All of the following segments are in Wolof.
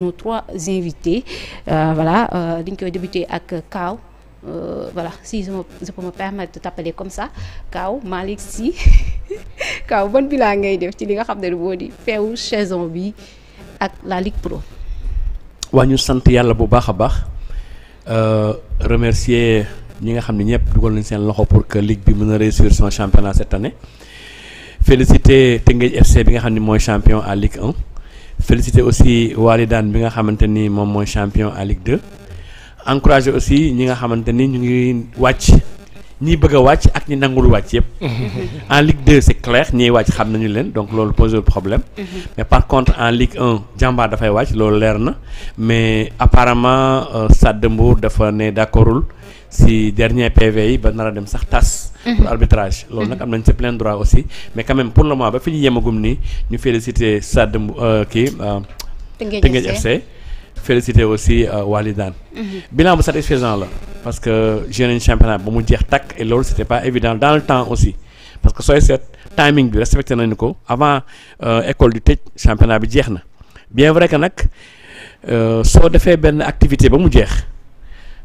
nos trois invités euh, voilà euh, débuter avec euh, voilà si je peux me permettre de t'appeler comme ça Kao, Malik Si. Kao, bonne bilan la Ligue Pro. remercier ñi nga pour que ligue bi réussir son championnat cette année féliciter FC bi nga champion à Ligue 1 féliciter aussi Walidan, bi nga xamante ni moom champion à Ligue 2 encourager aussi ñi nga xamante ni ñu ngi wàcc ñi bëgg a wàcc ak ñi nangul wàcc yëpp. Mhm. en Ligue 2 c'est clair ñi wàcc xam nañu leen donc loolu pose problème. Mhm. mais par contre en Ligue 1 jàmbaar dafay wàcc loolu leer na mais apparemment euh, Stade de Mbour dafa ne d'accordul si dernier PV yi ba nar a dem sax tas. Mhm. arbitrage loolu nak mhm. am nañ ci plein droit aussi mais quand même pour le moment ba fi ñu yemagum ni, ñu féliciter Sadem euh, qui, euh, Tëngéej FC féliciter aussi euh, Walidan mhm. bilan bu satisfaisant là, parce que j'ai un championnat bu mu jeex tak et c'était pas évident dans le temps aussi parce que c'est le timing bi respecté nañ ko avant école du tëj championnat bi jeex bien vrai que si so defee une activité ba mu jeex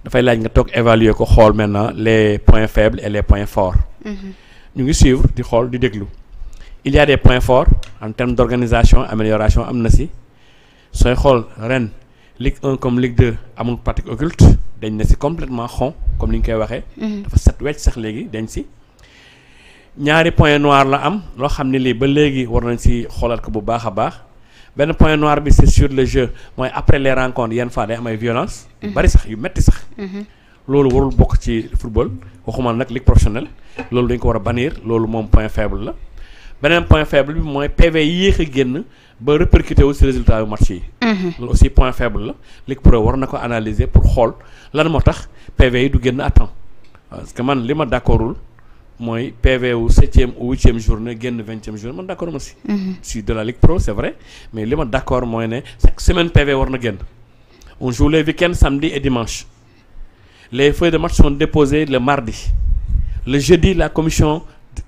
dafay laaj nga toog évaluer ko xool maintenant les points faibles et les points forts. Mhm. ñu ngi suivre di xool di déglu. il y a des points forts en termes d'organisation amélioration am na si sooy xool ren Ligue 1 comme Ligue 2 amul pratique occulte dañ na si complètement xon comme ni ñu koy waxee. Mhm. dafa set wecc sax léegi dañ si. ñaari point noir la am loo xam ne lii ba léegi war nañ si xoolaat ko bu baax a baax ben point noir bi c'est sur le jeu mooy après les rencontres yenn fois day am ay violence mhm. bari sax yu metti sax mhm. lolu warul bok ci football waxuma nak ligue professionnelle lolu dañ ko wara bannir lolu mom point faible la benen point faible bi moy PV yéex a ba repercuter wu résultat du match yi mhm. lolu aussi point faible la ligue pro war nako analyser pour xol lan motax PV yi du génn à temps parce que man lima d'accordul moi PV 7e ou e journée 20 vingtième journée d'accord d'accord aussi mhm. suis de la Ligue Pro c'est vrai mais les d'accord d'accord moi semaine PV on joue les week end samedi et dimanche les feuilles de match sont déposées le mardi le jeudi la commission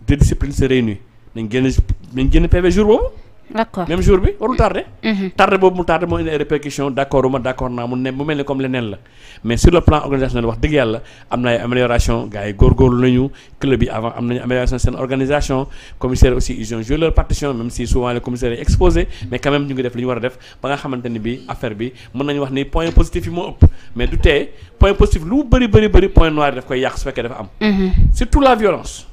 de discipline se réunit nañ génn PV jour d'accord même jour bi warul tardé. Mhm. tardé bobu mu tardé moo indi ay d'accord d' accord ma d' accord mu mu mel comme leneen la mais sur le plan organisationnel wax deug yalla amna ay amélioration gars yi góorgóorlu nañu club bi avant am amélioration sen organisation commissaire aussi ils ont joué leur partition même si souvent le commissaire est exposé mais quand même ñu ngi def li ñu war def ba nga xamanteni bi affaire bi mën nañu wax ni point positif yi mo upp mais du té point positif lu bari bari bari point noir daf koy yak su fekkee dafa am mhm. surtout la violence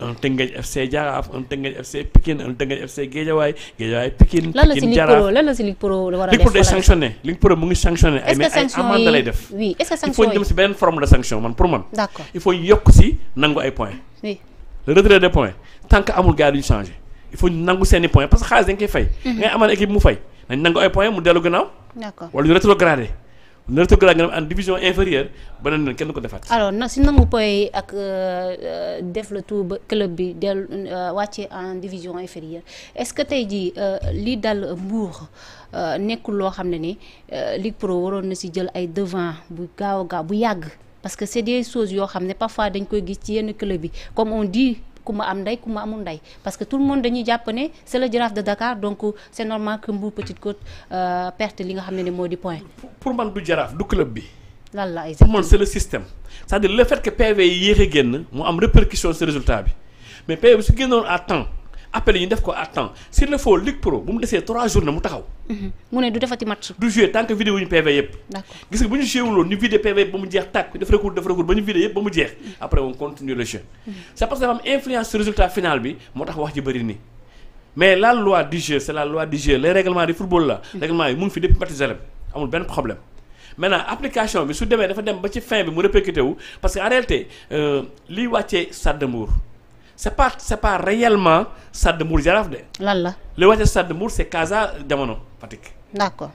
un Tëngéej FC Jaraaf un Tëngéej FC Pikine un Tëngéej FC Guédiawaye Guédiawaye Pikine. Pikine Jaraaf lan la si Ligue Pro lan Pro war a def. Pro mu ngi sanctionné. ay mais ay amende lay def. il faut ñu dem si benn forme de sanction man pour man. il faut ñu yokk si nangu ay points. oui le retrait des points tant que amul gars il faut ñu nangu seeni points parce xaalis dañ koy fay. Mhm. ngay amal mu fay nañ nangu ay points mu dellu gannaaw. d' ñu rétrogradé. en division inférieure alors si nous pouvons euh, euh, le club euh, en division inférieure est-ce que tu as dit que Pro devant parce que c'est des choses qui parfois dans le club comme on dit. Kouma am nday ku amul parce que tout le monde dañuy jàpp c'est le giraffe de Dakar donc c'est normal que mbou Petite Côte euh, perte li nga xamné ne point. pour man du giraffe du club bi. lan la exactement pour man c'est le système c'est-à-dire le fait que PV yi yéex a génn mu am répercussion sur résultat bi mais PV bi su génnoon à temps appel yi ñu def ko à temps s'il le faut Ligue Pro bu mu desee trois jours na mu taxaw. Mhm. mu est du defati match. du jouer tant que vidéo wuñu PV yëpp. D'accord. nga que ñu joué vidéo ñu vidé PV yëpp ba mu jeex tàkk def recours def recours ba ñu vidé yëpp jeex. Mhm. après on continue le jeu. Mhm. c'est parce que dafa am influence sur résultat final bi mon tax wax ji bëri mais la loi du jeu c'est la loi du jeu les règlements du football la. règlement yi mu ngi fi depuis Mathusalem amul ben problème. maintenant application bi su demee dafa dem ba ci fin bi mu répercuté wu parce que en réalité euh, wàccee Stade de c'est pas c'est pas réellement Stade de Mbour Jaraaf de. lan la li wax Stade de Mbour c' est Casa jamono Fatick. d' accord.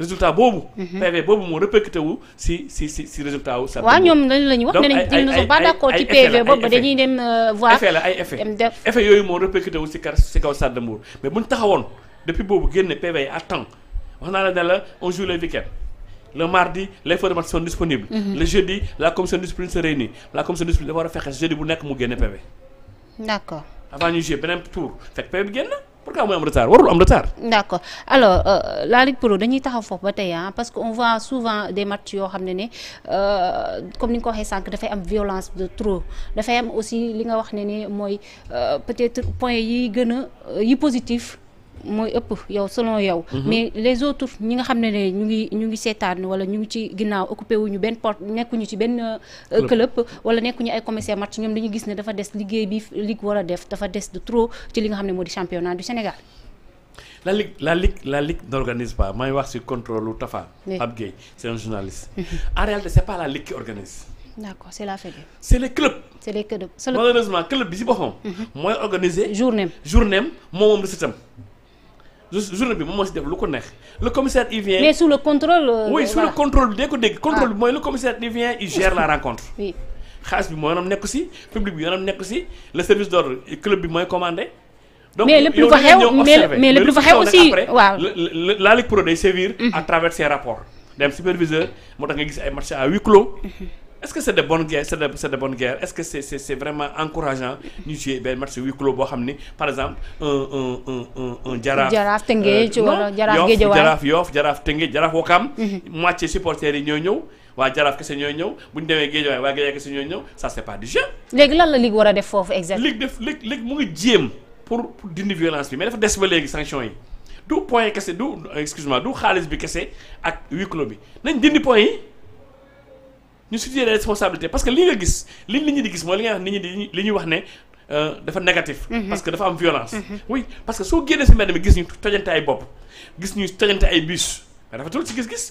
résultat boobu. Mhm. PV bobu mo répercuté wu si si si si résultat wu. Stade de Mbour waaw ñoom lañu wax dañ ñu ils ne sont pas d' ci PV bobu dañuy dem euh, voir. effet la ay effet effet yooyu moo répercuté wu ci kar si kaw Stade de Mbour mais buñ ñu depuis bobu génne PV yi à wax na la dal la on joue le weekend le mardi les informations sont disponibles. Mhm. le jeudi la commission discipline se réunit la commission discipline dafa war jeudi bu nekk mu génne PV. D'accord. Avant ñu jé benen tour fek pay bi génn pourquoi mu am retard warul am retard. D'accord. Alors euh, la Ligue Pro dañuy taxaw foofu ba tey ah parce que on voit souvent des matchs yoo xam ne ne euh, comme ni nga ko waxee sànq dafay am violence de trop dafay am aussi li nga wax ne ne mooy euh, peut être point yi gën a yi positif. moy ëpp yow selon yow. Mhm. mais les autres ñi nga xamné ne ñu ngi ñu ngi sétane wala ñu ngi ci ginnaw occupé wuñu ben porte nekkuñu ci ben club wala nekkuñu ay commissaire match ñom dañu gis ne dafa des liggéey bi ligue war def dafa des de trop ci li nga xamné ne championnat du Sénégal. la ligue la ligue la ligue n'organise pas may wax ci contrôle lu Tafa. Pape c'est un journaliste. Mhm. en réalité c'est pas la ligue qui organise. D'accord, c'est la fédé. C'est les clubs. C'est les clubs. Malheureusement, clubs bi ci bon. Mhm. Moi, organisé. Journée. Journée, moi, je suis journée bi moom moo def lu ko neex le commissaire il vient. mais sous le contrôle. Euh, oui sous le contrôle bi day ko contrôle ah. bi le commissaire il vient il gère la rencontre. oui khas bi moo nek ci public bi yoonam nek ci le service d'ordre club bi mooy commandé. donc mais le plus fa xew mais le plus fa xew aussi la Ligue Pro day sévir. Mhm. à travers ses rapports. dem superviseur moo nga gis ay matchs à huis clos. Mhm est-ce que c'est de bonne guerre c'est de c'est de bonne guerre est-ce que c'est c'est c'est vraiment encourageant ñu jouer ben match huis clos bo xamni par exemple un un un un un Jaraf. jaraaf Tëngéej wala euh, jaraaf Géejawaay jaraaf Yoff Jaraf Tëngéej Jaraf Wokam. Mhm. moitié supporters yi ñoo ñëw. waa Jaraf kese ñooy ñëw bu ñu demee géej waaye waa géej ñoy ñooy ça c'est pas du jeu. léegi lan la ligue wara def fofu exactement. ligue def ligue ligue mu ngi jéem pour pour dindi violence bi mais dafa des ba légui sanction yi du point kese du excuse-moi du xaliss bi kessé ak huis clos bi nañ dindi point yi. Nous avons les responsabilités parce que ce nga gis négatif. Mhm. parce que dafa am violence. Mhm. oui parce que si gis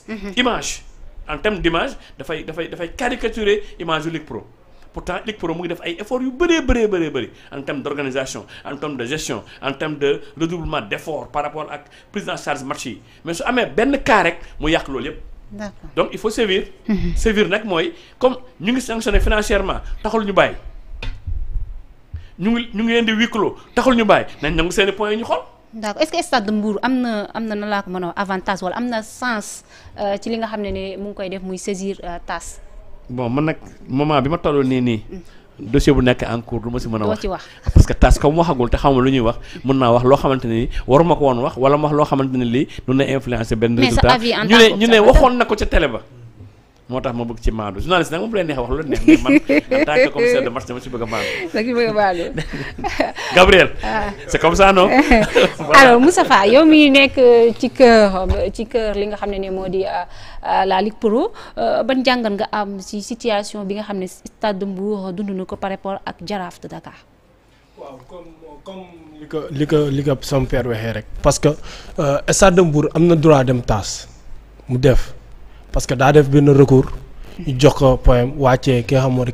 mhm. en terme d'image, caricaturer pourtant Pro efforts en termes d'organisation, en termes de gestion en termes de redoublement d'efforts par rapport à prise en charge mais cas donc il faut sévir. sévir nak moy comme ñu ngi sanctionné financièrement taxul ñu bay. ñu ngi ñu ngi leen di wiklo clos taxul ñu bay. nañ nangu seen point ñu xol. d' accord est ce que stade de Mbour am na am na na ko mën a avantage wala am na sens euh, ci li nga xam ne ne mu ngi koy def muy saisir euh, TAS. bon man nag moment bi ma toll nii nii. Mm. dossier bu nekk en cours du ma si mën a wax parce que tas comme waxagul te xamul lu ñuy wax mën naa wax loo xamante ni waruma ko woon wax wala ma wax loo xamante ni lii mun na influencer benn résultat ñu ne ñu ne waxoon na ko ca télé ba moo tax ma bëgg ci maandu journaliste nag moom leen neex wax lu neex man en tant que commissaire de marché dama ci bëgg maandu da ngi bëgg maandu Gabriel c' ah. est comme ça non alors Moussafa yow mi nekk ci cœur ci cœur li nga xam ne ne moo di ah, ah, la Ligue Pro eh, ban jàngat nga am si situation bi nga xam ne stade Mbour dund na ko par rapport ak Jaraaf de Dakar. waaw comme comme li ko li ko li ko sama père waxee rek parce que eh, stade Mbour am na droit dem tas mu def parce que daa def benn recours jox ko POAM wàccee ki moo di